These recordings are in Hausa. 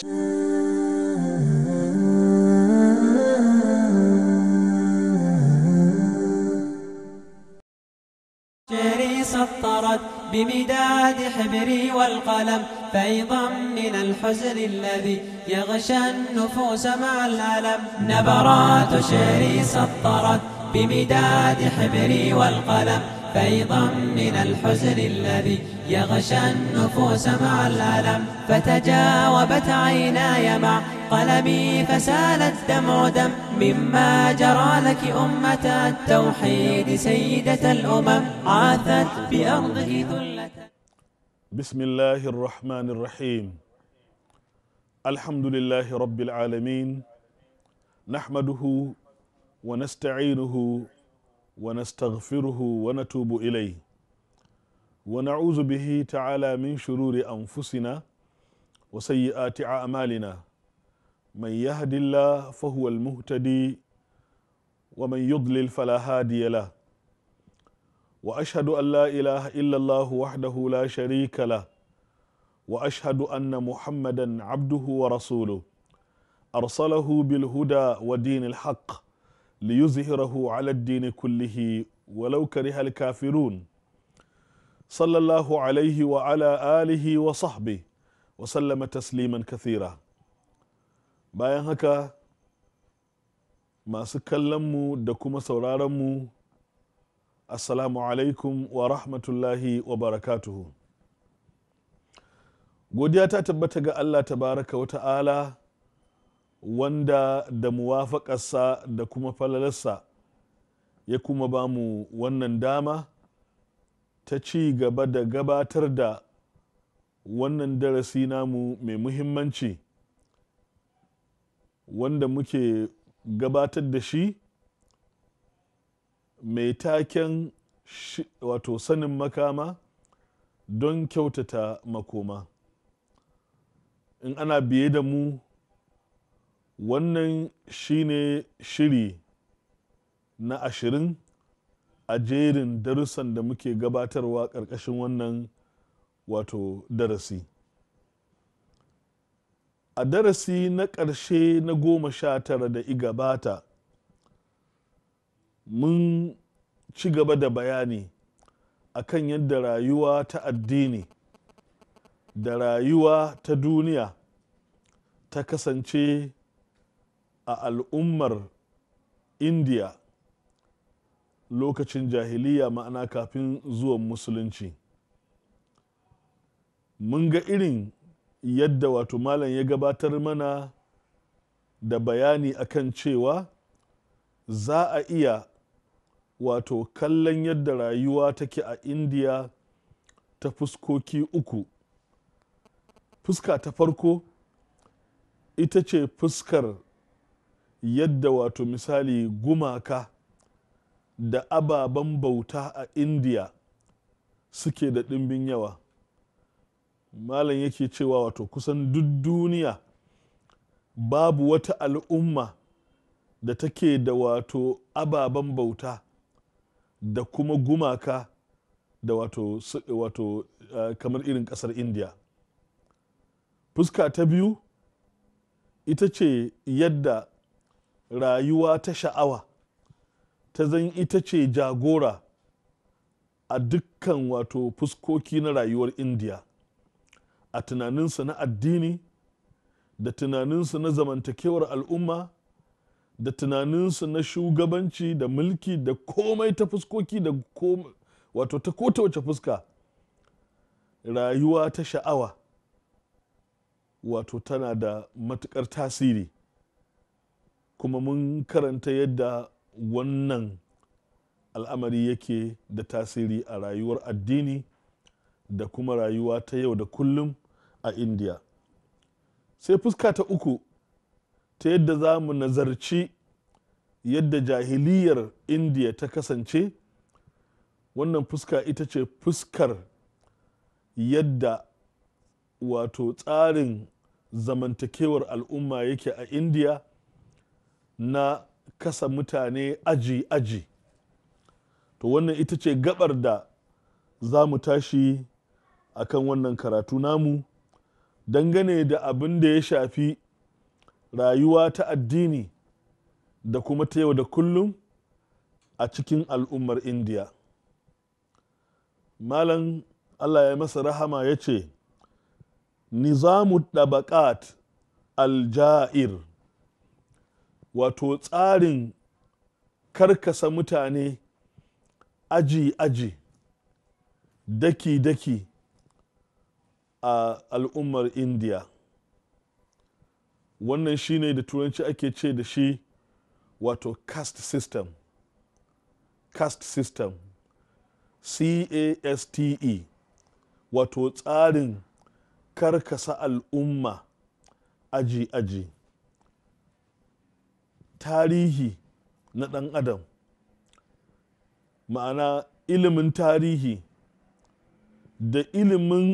شعري سطرت بمداد حبري والقلم فيضا من الحزن الذي يغشى النفوس مع الألم نبرات شعري سطرت بمداد حبري والقلم فيضا من الحزن الذي يغشى النفوس مع الألم فتجاوبت عيناي مع قلمي فسالت دمع دم مما جرى لك أمة التوحيد سيدة الأمم عاثت بأرضه ذلة بسم الله الرحمن الرحيم الحمد لله رب العالمين نحمده ونستعينه ونستغفره ونتوب اليه ونعوذ به تعالى من شرور انفسنا وسيئات اعمالنا من يهد الله فهو المهتدي ومن يضلل فلا هادي له واشهد ان لا اله الا الله وحده لا شريك له واشهد ان محمدا عبده ورسوله ارسله بالهدى ودين الحق ليظهره على الدين كله ولو كره الكافرون صلى الله عليه وعلى آله وصحبه وسلم تسليما كثيرا bayan haka masu kallonmu da kuma sauraronmu assalamu alaikum wa rahmatullahi wa barakatuhu godiya ta tabbata ga allah tabaraka wa ta'ala wanda da muwafaƙarsa da kuma falalarsa ya kuma ba mu wannan dama ta ci gaba da gabatar da wannan darasi namu mai muhimmanci wanda muke gabatar da shi mai taken wato sanin makama don kyautata makoma in ana biye da mu wannan shine shiri na ashirin a jerin darussan da muke gabatarwa ƙarƙashin wannan wato darasi a darasi na ƙarshe na goma sha tara da igabata mun ci gaba da bayani a kan yadda rayuwa ta addini da rayuwa ta duniya ta kasance a al'ummar indiya lokacin jahiliya ma'ana kafin zuwan musulunci mun ga irin yadda wato malam ya gabatar mana da bayani akan cewa za a iya wato kallon yadda rayuwa take a indiya ta fuskoki uku fuska ta farko ita ce fuskar yadda wato misali gumaka da ababen bauta a indiya suke da ɗimbin yawa malam yake cewa wato kusan duk duniya babu wata al'umma da take da wato ababen bauta da kuma gumaka da wato, wato uh, kamar irin ƙasar indiya fuska ta biyu ita ce yadda rayuwa ta sha'awa ta zan ita ce jagora a dukkan wato fuskoki na rayuwar indiya a tunaninsa na addini da tunaninsa na zamantakewar al'umma da tunaninsa na shugabanci da mulki da komai ta fuskoki da wato ta kota wace fuska rayuwa ta sha'awa wato tana da matukar tasiri kuma mun karanta yadda wannan al'amari yake da tasiri a rayuwar addini da kuma rayuwa ta yau da kullum a indiya sai fuska ta uku ta yadda za mu nazarci yadda jahiliyar indiya ta kasance wannan fuska ita ce fuskar yadda wato tsarin zamantakewar al'umma yake a indiya na kasa mutane aji-aji to wannan ita ce gabar da za mu tashi a kan wannan karatu namu dangane da abin da ya shafi rayuwa ta addini da kuma ta yau da kullum a cikin al'ummar indiya malam allah ya masa rahama ya ce nizamu ɗabaƙat aljair wato tsarin karkasa mutane aji-aji daki-daki a al'ummar india wannan shine da turanci ake ce da shi wato caste system caste system c-a-s-t-e wato tsarin karkasa al'umma aji-aji tarihi na ɗan adam ma'ana ilimin tarihi da ilimin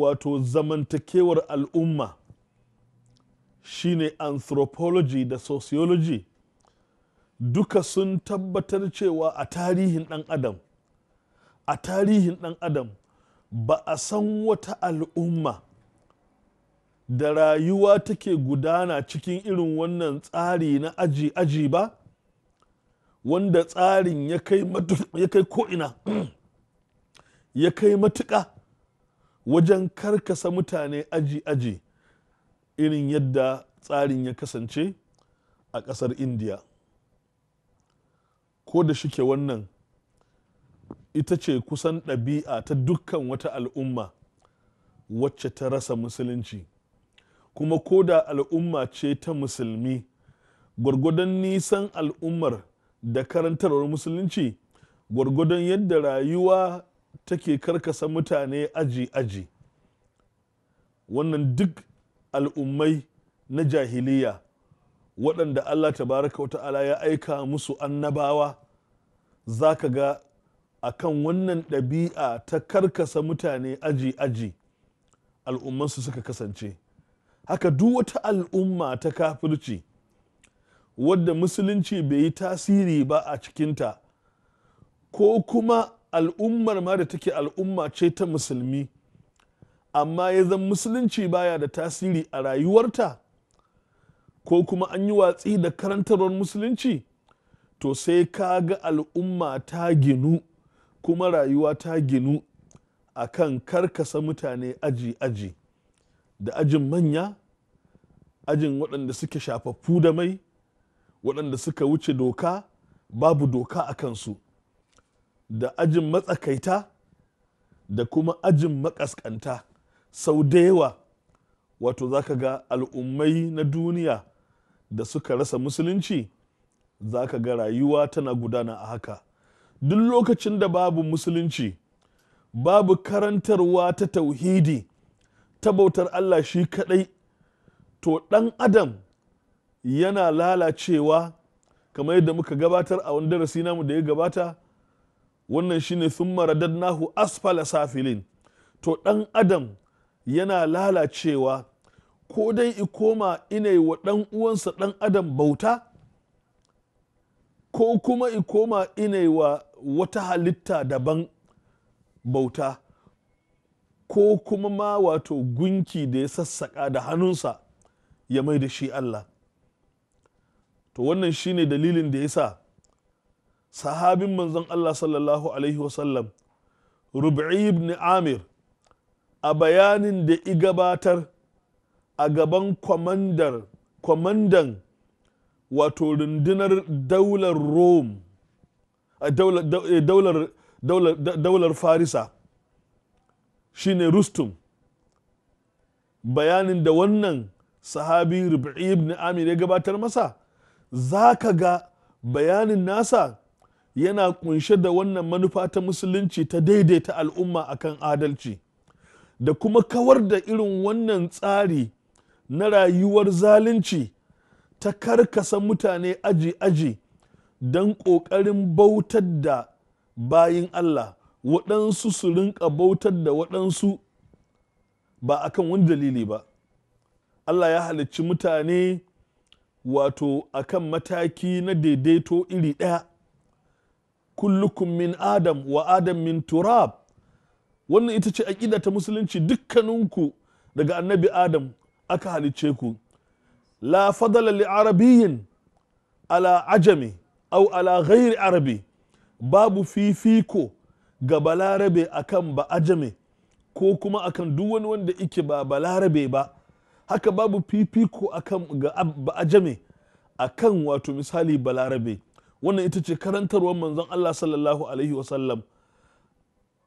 wato zamantakewar al'umma shine anthropology da sociology duka sun tabbatar cewa a tarihin ɗan adam a tarihin ɗan adam ba a san wata al'umma da rayuwa take gudana cikin irin wannan tsari na aji-aji ba wanda tsarin ya kai ko'ina ya kai matuƙa wajen karkasa mutane aji-aji irin yadda tsarin ya kasance a ƙasar indiya ko da shike wannan ita ce kusan ɗabi'a ta dukkan wata al'umma wacce ta rasa musulunci kuma ko da al'umma ce ta musulmi gwargwadon nisan al'ummar da karantarwar musulunci gwargwadon yadda rayuwa take karkasa mutane aji-aji wannan duk al'ummai na jahiliya waɗanda allah tabaraka wa ta'ala ya aika musu annabawa za ka ga kan wannan ɗabi'a ta karkasa mutane aji-aji al'ummansu suka kasance haka duk wata al'umma ta kafirci wadda musulunci bai yi tasiri ba a cikinta ko kuma al'ummar ma da take al'umma ce ta musulmi amma ya zan musulunci baya da tasiri a rayuwarta ko kuma an yi watsi da karantarwar musulunci to sai ka ga al'umma ta ginu kuma rayuwa ta ginu a kan karkasa mutane aji-aji da ajin manya ajin waɗanda suke shafaffu da mai waɗanda suka wuce doka babu doka a kansu da ajin matsakaita da kuma ajin makaskanta sau da yawa wato za ka ga al'ummai na duniya da suka rasa musulunci za ka ga rayuwa tana gudana a haka duk lokacin da babu musulunci babu karantarwa ta tauhidi ta bautar Allah shi kaɗai to ɗan adam yana lalacewa kamar yadda muka gabatar a wani darasi namu da ya gabata wannan shine thumma Nahu asfala safilin to ɗan adam yana lalacewa ko dai i koma ina wa ɗan uwansa ɗan adam bauta ko kuma i koma ina wa wata halitta daban bauta ko kuma ma wato gunki da ya sassaƙa da hannunsa ya mai da shi Allah to wannan shi ne dalilin da ya sa sahabin manzon Allah sallallahu alaihi wasallam Rub'i ibn Amir a bayanin da i gabatar a gaban kwamandar kwamandan wato rundunar daular Rome a daular Farisa Shi ne rustum bayanin da wannan sahabi rubi ibn amir ya gabatar masa za ka ga bayanin nasa yana kunshe da wannan manufa ta musulunci ta daidaita al'umma akan adalci da kuma kawar da irin wannan tsari na rayuwar zalunci ta karkasa mutane aji-aji don ƙoƙarin bautar da bayin Allah waɗansu su rinƙa bautar da waɗansu ba a kan wani dalili ba Allah ya halicci mutane wato a kan mataki na daidaito iri ɗaya kullukum min adam wa adam min turab wannan ita ce aƙida ta musulunci dukkaninku daga annabi adam aka halicce ku la fadala li arabiyin ala ajami au ala ghairi arabi babu fifiko ga balarabe akan ba ajame ko kuma akan duk wani wanda ike ba balarabe ba haka babu fifiko akan ga ba ajame akan wato misali balarabe wannan ita ce karantarwar manzon Allah sallallahu alaihi wasallam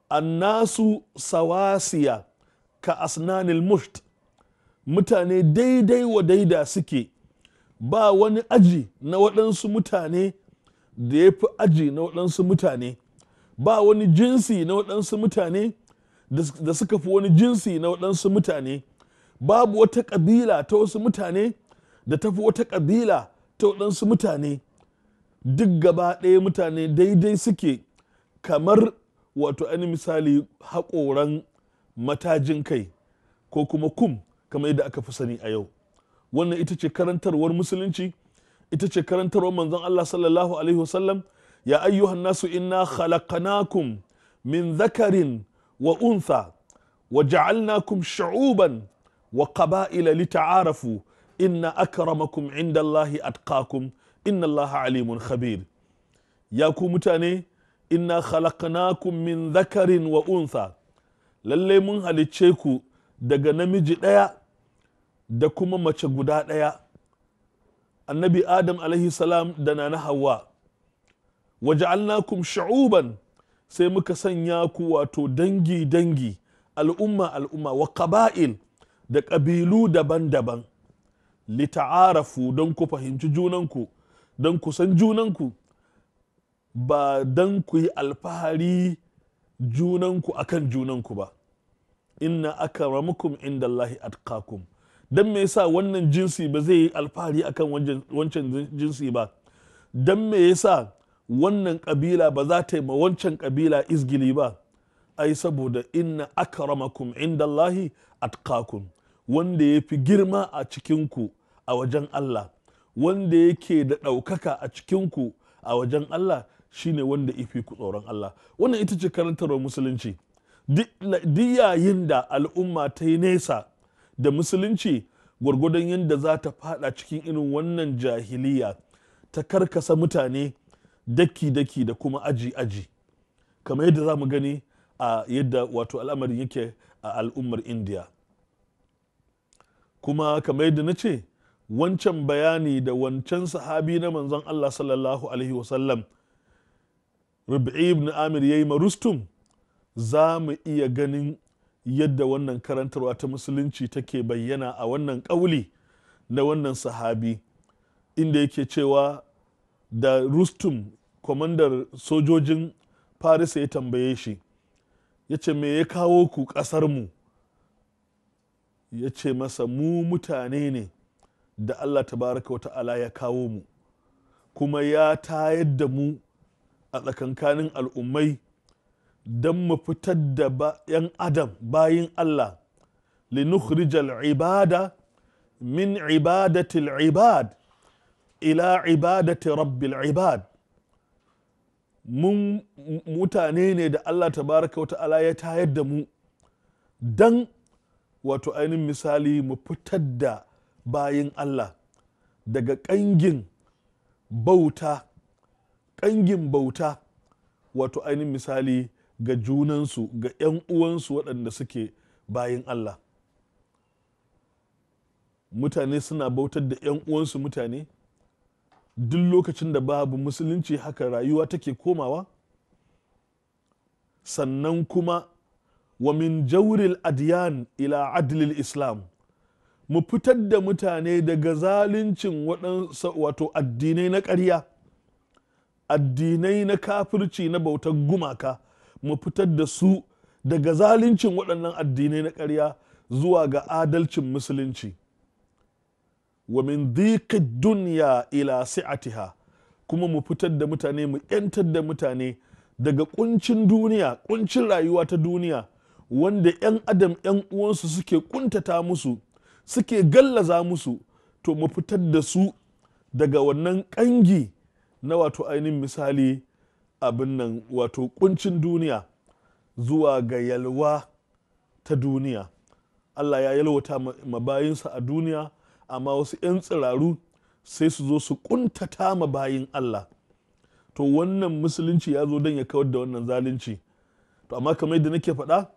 annasu sawasiya ka asnanil musht mutane daidai wa daida suke ba wani aji na waɗansu mutane da ya fi aji na waɗansu mutane ba wani jinsi na waɗansu mutane da suka fi wani jinsi na waɗansu mutane babu wata ƙabila ta wasu mutane da tafi wata ƙabila ta waɗansu mutane duk gaba ɗaya mutane daidai suke kamar wato ani misali haƙoran matajin kai ko kuma kum kamar yadda aka fi sani a yau wannan ita ce karantarwar musulunci ita ce karantarwar manzon Allah sallallahu alaihi wasallam يا أيها الناس إنا خلقناكم من ذكر وأنثى وجعلناكم شعوبا وقبائل لتعارفوا إن أكرمكم عند الله أتقاكم إن الله عليم خبير يا كومتاني إنا خلقناكم من ذكر وأنثى للي mun halicce ku daga namiji ɗaya da kuma mace guda ɗaya annabi adam alaihi salam waja'alnakum sha'uban sai muka sanya ku wato dangi dangi al'umma al'umma wa qaba'il da ƙabilu daban-daban lita'arafu don ku fahimci junanku don ku san junanku ba don ku yi alfahari junanku akan junanku ba inna akramakum indallahi atqakum don me yasa wannan jinsi ba zai yi alfahari akan wancan jinsi ba don me yasa wannan kabila ba za ta yi ma wancan kabila izgili ba ai saboda inna akramakum indallahi atqakum wanda ya fi girma a cikinku a wajen Allah wanda yake da ɗaukaka a cikinku a wajen Allah shine wanda ifi ku tsoron Allah wannan ita ce karantarwar musulunci duk yayin da al'umma ta yi nesa da musulunci gwargwadon yadda za ta fada cikin irin wannan jahiliya ta karkasa mutane daki-daki da kuma aji-aji kamar yadda za mu gani a yadda wato al'amarin yake a al'ummar indiya kuma kamar yadda na ce wancan bayani da wancan sahabi na manzon allah sallallahu alaihi wasallam rubi'i ibn amir ya yi marustum za mu iya ganin yadda wannan karantarwa ta musulunci take bayyana a wannan ƙauli na wannan sahabi inda yake cewa da rustum kwamandar sojojin farisa ya tambaye shi ya ce me ya kawo ku ƙasarmu ya ce masa mu mutane ne da allah tabaraka wa ta'ala ya kawo mu kuma ya tayar da mu a tsakankanin al'ummai don mu fitar da 'yan adam bayin allah linukhrijal ibada min ibadatil ibad ila ibadati rabbil ibad mun mutane ne da Allah Ta baraka wata ala ya tayar da mu dan wato ainihin misali mu fitar da bayin Allah daga ƙangin bauta kangin bauta wato ainihin misali ga junansu ga 'yan uwansu waɗanda suke bayan Allah mutane suna bautar da 'yan uwansu mutane duk lokacin da babu musulunci haka rayuwa take komawa sannan kuma wa min jauril adiyan ila adlil islam mu fitar da mutane daga zaluncin waɗansa wato addinai na ƙarya addinai na kafirci na bautar gumaka mu fitar da su daga zaluncin waɗannan addinai na ƙarya zuwa ga adalcin musulunci wa min dhiqi dunya ila si'atiha kuma mu fitar da mutane mu yantar da mutane daga kuncin duniya kuncin rayuwa ta duniya wanda 'yan adam 'yan uwansu suke kuntata musu suke gallaza musu to mu fitar da su daga wannan kangi na wato ainihin misali abin nan wato kuncin duniya zuwa ga yalwa ta duniya allah ya yalwata mabayinsa a duniya amma wasu 'yan tsiraru sai su zo su kuntata ma bayin Allah to wannan musulunci ya zo don ya kawar da wannan zalunci to amma kamar yadda nake faɗa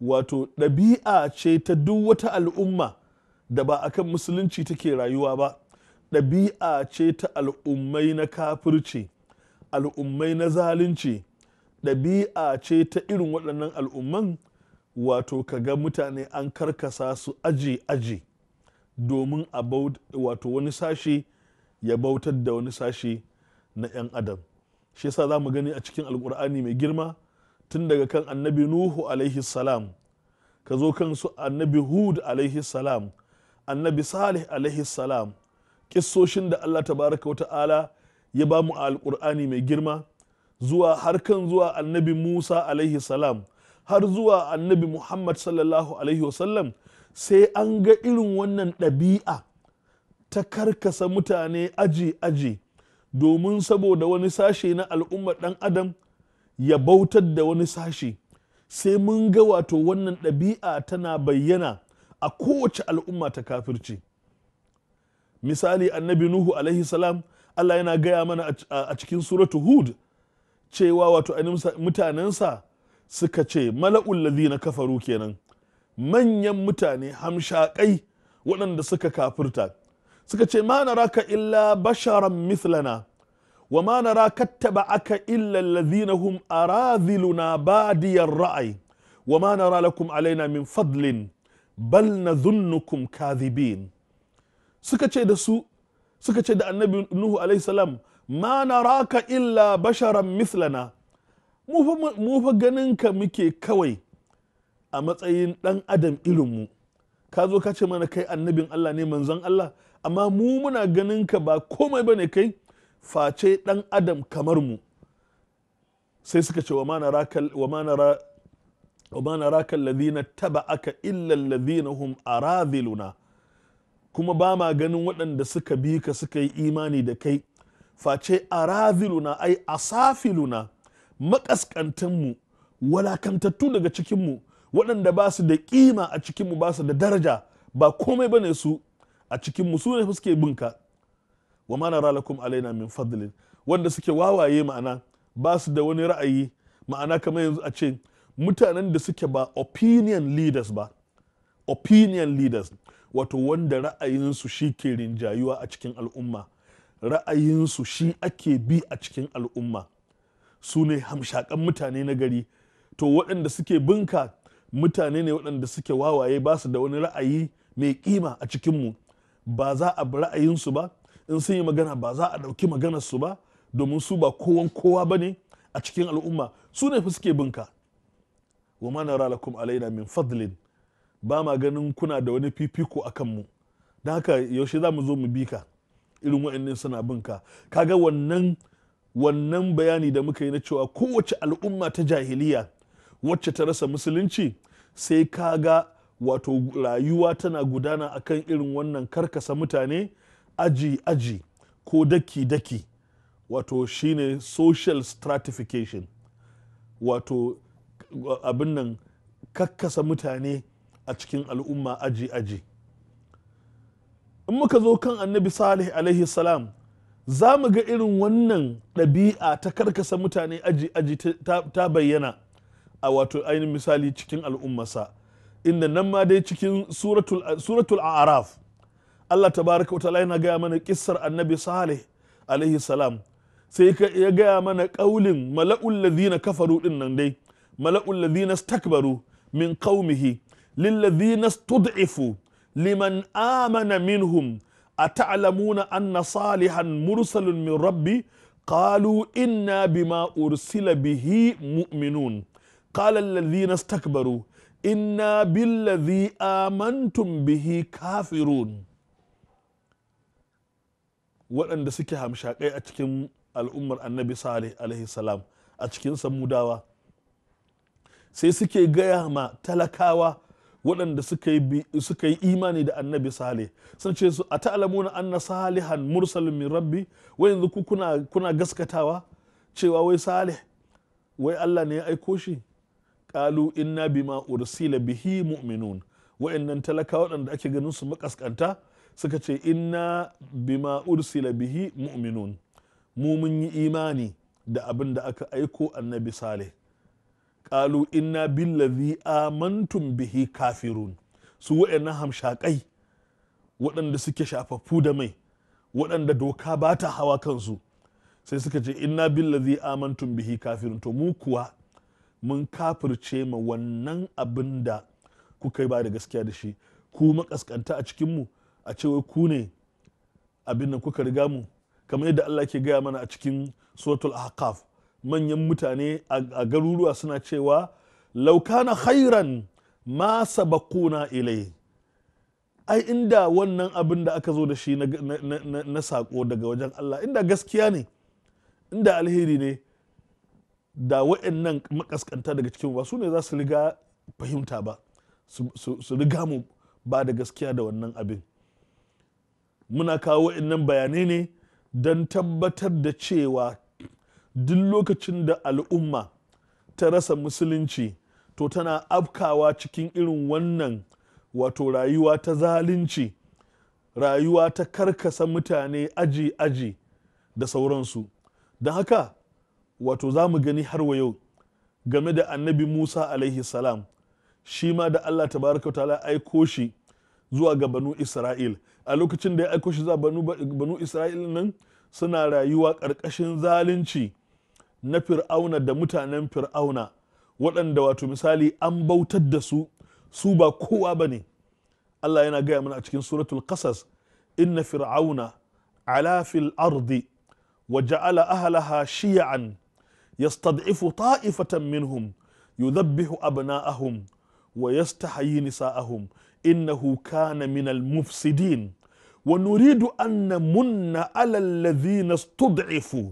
wato ɗabi'a ce ta duk wata al'umma da ba a kan musulunci take rayuwa ba ɗabi'a ce ta al'ummai na kafirci al'ummai na zalunci ɗabi'a ce ta irin waɗannan al'umman wato ka ga mutane an karkasa su aji aji domin a wato wani sashi ya bautar da wani sashi na 'yan adam shi yasa za mu gani a cikin alkur'ani mai girma tun daga kan annabi nuhu alaihi salam ka zo kan su annabi hud alaihi salam annabi salih alaihi salam kissoshin da allah tabaraka wa ta'ala ya ba mu a alkur'ani mai girma zuwa har kan zuwa annabi musa alaihi salam har zuwa annabi muhammad sallallahu alaihi wasallam sai an ga irin wannan ɗabi'a ta karkasa mutane aji-aji domin saboda wani sashe na al'ummar ɗan adam ya bautar da wani sashe sai mun ga wato wannan ɗabi'a tana bayyana a kowace al'umma ta kafirci misali annabi nuhu alaihi salam allah yana gaya mana a cikin suratu hud cewa wato mutanensa suka ce mala'ul na kafaru kenan manyan mutane hamshakai waɗanda suka kafirta suka ce ma naraka illa basharan mithlana wa ma naraka aka illa alladhina hum aradhiluna badiyar ra'ayi wa ma nara lakum alaina min fadlin bal nadhunnukum kadhibin suka ce da su suka ce da annabi nuhu alaihi salam ma naraka illa basharan mithlana mu fa ganin ka muke kawai a matsayin ɗan adam irinmu ka zo ka ce mana kai annabin Allah ne manzon Allah amma mu muna ganin ka ba komai bane kai face ɗan adam kamar mu sai suka ce wa mana rakal ladina lazina aka illan ladina illa alladhina hum araziluna kuma ba ma ganin waɗanda suka bi ka suka yi imani da kai face araziluna ai asafiluna makaskantanmu walakantattu daga cikinmu waɗanda ba su da ƙima a cikinmu ba su da daraja ba komai ba ne su a cikinmu su ne suke binka wa mana lakum alaina min fadlin wanda suke wawaye ma'ana ba su da wani ra'ayi ma'ana kamar yanzu a ce mutanen da suke ba opinion leaders ba opinion leaders wato wanda ra'ayinsu shi ke rinjayuwa a cikin al'umma ra'ayinsu shi ake bi a cikin al'umma su ne hamshakan mutane na gari to waɗanda suke binka mutane ne waɗanda suke wawaye ba su da wani ra'ayi mai kima a cikinmu ba za a bi ra'ayinsu ba in sun yi magana ba za a ɗauki maganarsu ba domin su ba kowan kowa ba ne a cikin al'umma su ne fi suke binka wa ma nara lakum alaina min fadlin ba ma ganin kuna da wani fifiko a kanmu don haka yaushe za mu zo mu bi ka irin wa'annan suna binka kaga wannan wannan bayani da muka yi na cewa kowace al'umma ta jahiliya wacce ta rasa musulunci sai ka ga wato rayuwa tana gudana akan irin wannan karkasa mutane aji aji ko daki daki wato shine social stratification wato uh, abin nan kakkasa mutane a cikin al'umma aji aji in muka zo kan annabi salih alaihi salam za mu ga irin wannan ɗabi'a ta karkasa mutane aji aji ta bayyana a wato ainihin misali cikin al'ummasa inda nan ma dai cikin suratul a'raf Allah ta baraka wata yana gaya mana kissar annabi salih alaihi salam sai ya gaya mana kaulin mala'ul ladhina kafaru din nan dai mala'ul ladhina stakbaru min qaumihi lil ladhina stud'ifu liman amana minhum أتعلمون anna salihan mursalun min rabbi قالوا inna bima ursila bihi mu'minun قال الذين استكبروا inna بالذي آمنتم bihi kafirun waɗanda suke hamshakai a cikin al'ummar annabi salih alaihi salam a cikin samudawa sai suke gaya ma talakawa waɗanda suka yi imani da annabi salih sun ce su a ta'alamuna anna salihan mursalin min rabbi Wa yanzu ku kuna gaskatawa cewa wai salih wai allah ne ya aiko shi kalu inna bima ursila bihi mu'minun wa'annan talaka waɗanda ake ganin su makaskanta suka ce inna bima ursila bihi mu'minun mu mun yi imani da abin da aka aiko annabi sale kalu inna billazi amantum bihi kafirun su wa'annan hamshakai waɗanda suke shafaffu da mai waɗanda doka ba ta hawa kansu sai suka ce inna billazi amantum bihi kafirun to mu kuwa mun kafirce ma wannan abin da kuka ba da gaskiya da shi ku makaskanta a cikinmu a cewa ku ne abin da kuka riga mu kamar yadda Allah ke gaya mana a cikin suratul ahqaf manyan mutane a garuruwa suna cewa laukana khairan ma sabakuna ilai ai inda wannan abin da aka zo da shi na, sako daga wajen Allah inda gaskiya ne inda alheri ne da wa'annan makaskanta daga cikin ba su ne za su riga fahimta ba su riga mu ba da gaskiya da wannan abin muna kawo wa'annan bayanai ne don tabbatar da cewa duk lokacin da al'umma ta rasa musulunci to tana afkawa cikin irin wannan wato rayuwa ta zalunci rayuwa ta karkasa mutane aji-aji da sauransu don haka wato za mu gani har wa yau game da annabi musa alaihi salam shi ma da allah tabaraka ta'ala aiko shi zuwa ga banu isra'il a lokacin da ya aiko shi zuwa banu isra'il nan suna rayuwa ƙarƙashin zalunci na fir'auna da mutanen fir'auna waɗanda wato misali an bautar da su su ba kowa ba ne allah yana gaya mana a cikin suratul qasas inna fir'auna ala fil ardi wa ja'ala ahlaha shiya'an يستضعف طائفة منهم يذبح أبناءهم ويستحيي نساءهم إنه كان من المفسدين ونريد أن نمن على الذين استضعفوا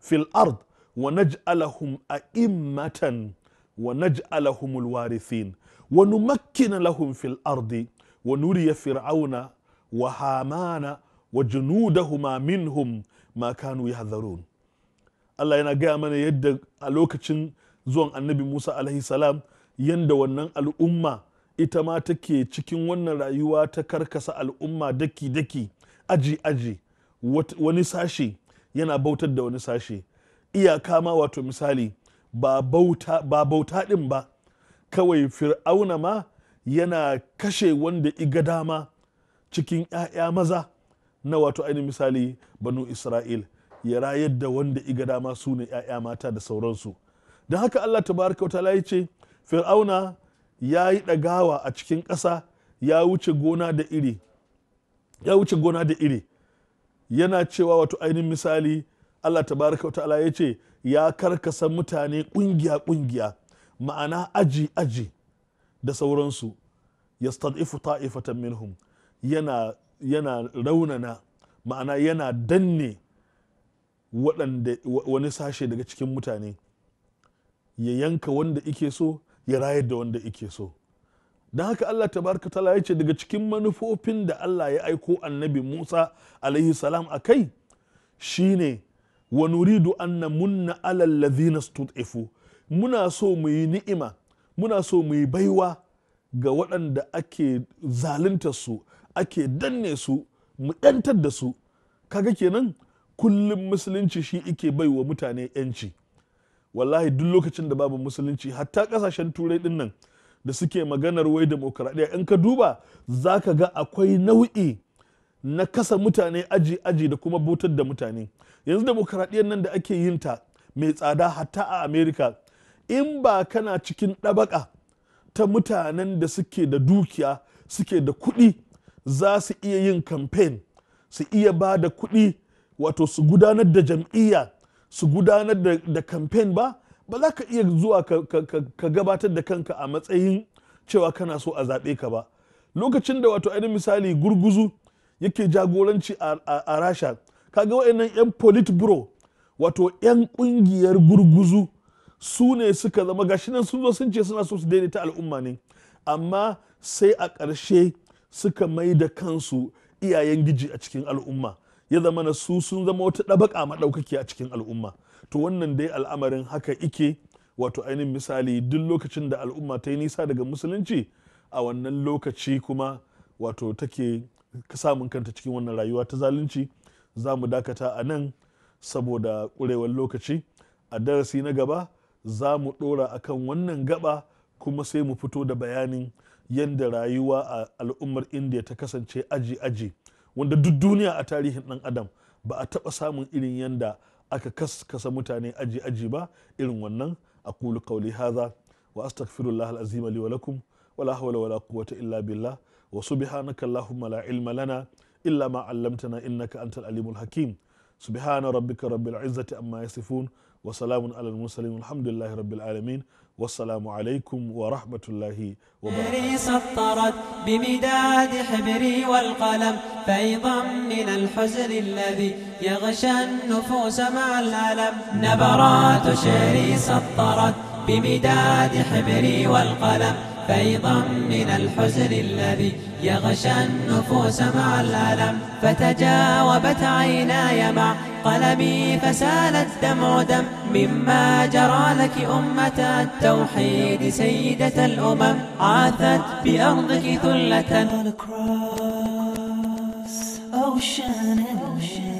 في الأرض ونجعلهم أئمة ونجعلهم الوارثين ونمكن لهم في الأرض ونري فرعون وهامان وجنودهما منهم ما كانوا يهذرون Allah yana gaya mana yadda a lokacin zuwan annabi Musa alaihi salam yadda wannan al'umma ita ma take cikin wannan rayuwa ta karkasa al'umma daki-daki aji-aji wani sashe yana bautar da wani sashe iyaka ma wato misali ba bauta ɗin ba kawai fir'auna ma yana kashe wanda iga dama cikin 'ya'ya maza na wato ainihin misali banu isra'il ya rayar da wanda iga dama su ne 'ya'ya mata da sauransu don haka allah tabaraka wa ta'ala ya ce fir'auna ya yi ɗagawa a cikin ƙasa ya wuce gona da iri ya wuce gona da iri yana cewa wato ainihin misali allah tabaraka wa ta'ala ya ce ya karkasa mutane ƙungiya ƙungiya ma'ana aji aji da sauransu ya stad'ifu ta'ifatan minhum yana yana raunana ma'ana yana danne wani sashe daga cikin mutane ya yanka wanda ike so ya rayar da wanda ike so don haka Allah tabaraka ta'ala ya ce daga cikin manufofin da Allah ya aiko annabi Musa alaihi salam a kai shine wa nuridu anna munna alal ladhina stud'ifu muna so mu yi ni'ima muna so mu yi baiwa ga waɗanda ake zalunta su ake danne su mu 'yantar da su kaga kenan kullum musulunci shi ike bai wa mutane yanci wallahi duk lokacin da babu musulunci hatta kasashen turai din da suke maganar wai demokradiyya in ka duba za ka ga akwai nau'i na kasa mutane aji aji da kuma butar da mutane yanzu demokradiyyar nan da ake yin ta mai tsada hatta a america in ba kana cikin ɗabaka ta mutanen da suke da dukiya suke da kuɗi za su iya yin kamfen su iya ba da kuɗi wato su gudanar da jam'iyya su gudanar da kamfen ba ba za ka iya zuwa ka gabatar da kanka a matsayin cewa kana so a zaɓe ka ba lokacin da wato ainihin misali gurguzu yake jagoranci a rasha kaga wa'annan 'yan politburo wato 'yan kungiyar gurguzu su ne suka zama gashi nan sun zo sun ce suna so su daidaita al'umma ne amma sai a ƙarshe suka mai da kansu iyayen giji a cikin al'umma ya zama na su sun zama wata ɗabaka maɗaukaki a cikin al'umma to wannan dai al'amarin haka ike wato ainihin misali duk lokacin da al'umma ta yi nisa daga musulunci a wannan lokaci kuma wato take samun kanta cikin wannan rayuwa ta zalunci za mu dakata a nan saboda ƙurewar lokaci a darasi na gaba za mu ɗora kan wannan gaba kuma sai mu fito da bayanin yadda rayuwa a al'ummar indiya ta kasance aji-aji wanda duk duniya a tarihin ɗan adam ba a taɓa samun irin yanda aka kaskasa mutane aji aji ba irin wannan aqulu qawli haza. wa astaghfirullah alazim li wa lakum wala hawla wala quwwata illa billah wa subhanaka allahumma la ilma lana illa ma 'allamtana innaka antal alimul hakim سبحان ربك رب العزة أما يصفون وسلام على المرسلين والحمد لله رب العالمين والسلام عليكم ورحمة الله وبركاته سطرت بمداد حبري والقلم فيضا من الحزن الذي يغشى النفوس مع الألم نبرات شعري سطرت بمداد حبري والقلم فيضا من الحزن الذي يغشى النفوس مع الألم فتجاوبت عيناي مع قلمي فسالت دمع دم مما جرى لك أمة التوحيد سيدة الأمم عاثت بأرضك ثلة Ocean, ocean.